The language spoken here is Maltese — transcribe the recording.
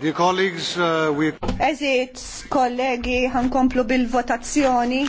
Dear colleagues, uh, we... Eżit, kollegi, ħankomplu bil-votazzjoni.